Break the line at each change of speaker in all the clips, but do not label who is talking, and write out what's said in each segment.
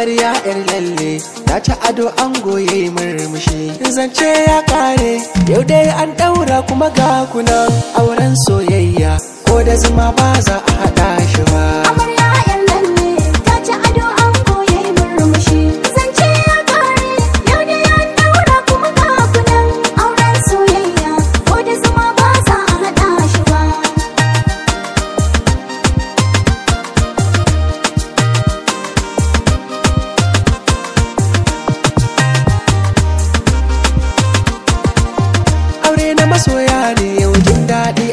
amarya yar lalle ta ci ado an goye murmushi zance ya kare yau dai an daura kuma ga kuna auren soyayya ko da zuma ba za a hada shi ba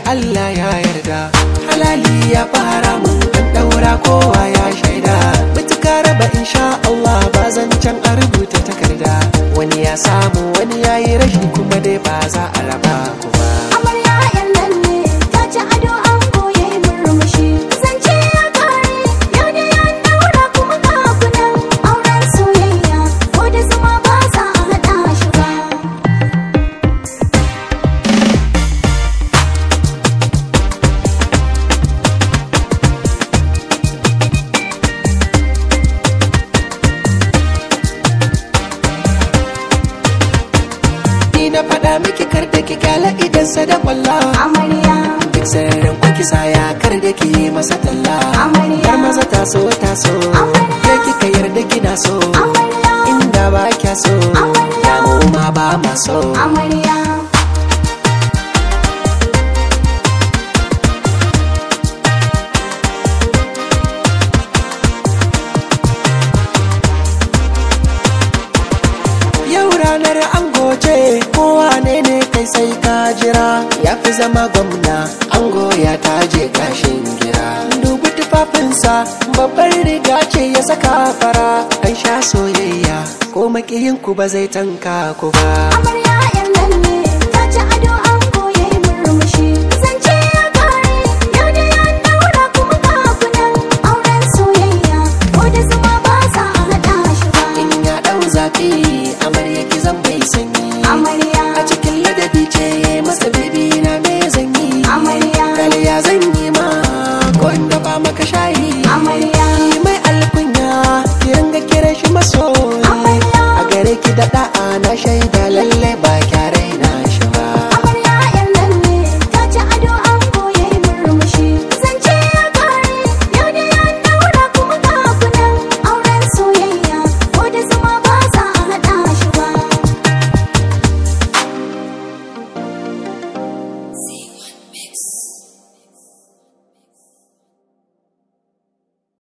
Allah ya yarda halali ya fara mun kan daura kowa ya shaida mutuka raba insha Allah ba zan can a rubuta takarda wani ya samu wani ya yi rashi kuma dai ba za a raba ku ba na fada miki kar da ki kyala idan sa da kwalla amariya duk sirrin kwaki ya kar da ki yi masa talla amariya kar maza ta so ta so ke kika yarda kina so amariya inda ba kya so ya mu ma ba ma so amariya amarya ranar an ce kowa ne ne kai sai ka jira ya fi zama gwamna an goya ta je kashin gira dubu tufafinsa babbar riga ce ya saka fara an sha soyayya ko makiyinku ba zai tanka ku ba
amarya yan nan ne ta ci ado an goye murmushi
shaida lalle ba